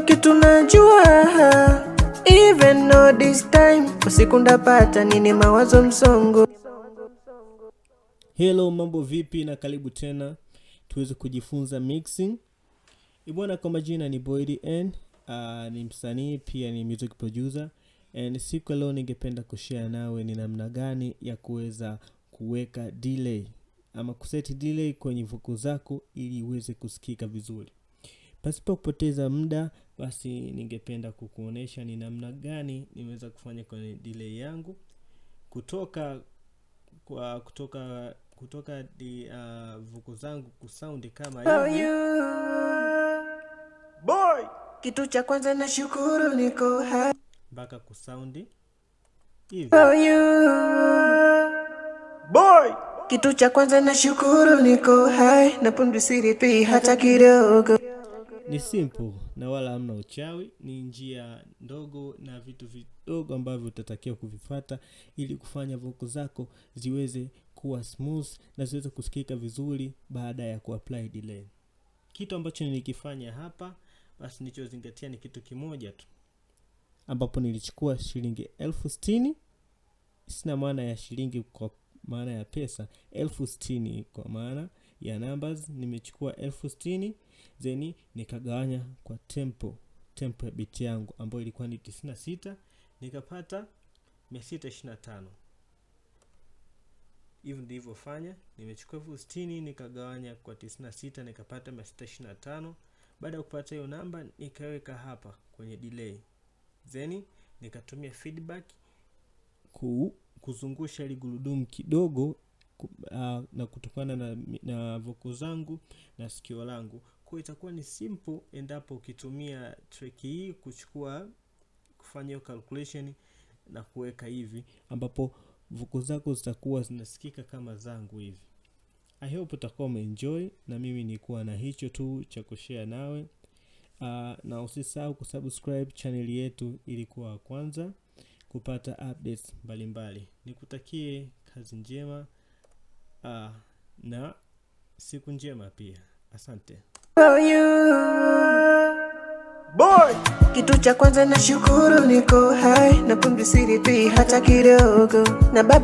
hiyo kitu najua, even no this time usiku ndapata nini mawazo msongo. Hello, mambo vipi, na karibu tena tuweze kujifunza mixing ibwana. Eh, kwa majina ni Boyd N, uh, ni msanii pia ni music producer and siku leo ningependa kushare nawe ni namna gani ya kuweza kuweka delay ama kuseti delay kwenye vuku zako ili iweze kusikika vizuri. Pasipo kupoteza muda, basi ningependa kukuonesha ni namna gani nimeweza kufanya kwenye delay yangu. Kutoka kutoka ah, vuku zangu kusaundi kama Boy. Kitu cha kwanza nashukuru niko hai. Mpaka kusaundi hivi. Kitu cha kwanza nashukuru niko hai. Na pumzi siripi hata kidogo ni simple na wala hamna uchawi ni njia ndogo na vitu vidogo ambavyo utatakiwa kuvifata ili kufanya voko zako ziweze kuwa smooth na ziweze kusikika vizuri baada ya kuapply delay kitu ambacho nilikifanya hapa basi nilichozingatia ni kitu kimoja tu ambapo nilichukua shilingi elfu stini sina maana ya shilingi kwa maana ya pesa elfu stini kwa maana ya numbers nimechukua elfu sitini then nikagawanya kwa tempo tempo ya biti yangu ambayo ilikuwa ni 96 nikapata 625 sita hivi ndilivyofanya nimechukua elfu sitini nikagawanya kwa 96 nikapata mia sita baada ya kupata hiyo namba nikaweka hapa kwenye delay then nikatumia feedback ku, kuzungusha ili gurudumu kidogo uh, na kutokana na, na voko zangu na sikio langu kwa itakuwa ni simple endapo ukitumia track hii kuchukua kufanya hiyo calculation na kuweka hivi ambapo voko zako zitakuwa zinasikika kama zangu hivi i hope utakuwa umeenjoy na mimi nikuwa na hicho tu cha kushare nawe uh, na usisahau kusubscribe chaneli yetu ili kuwa wa kwanza kupata updates mbalimbali nikutakie kazi njema uh, na siku njema pia. Asante Boy. Kitu cha kwanza na shukuru niko hai na pumzi siripii hata kidogo na baba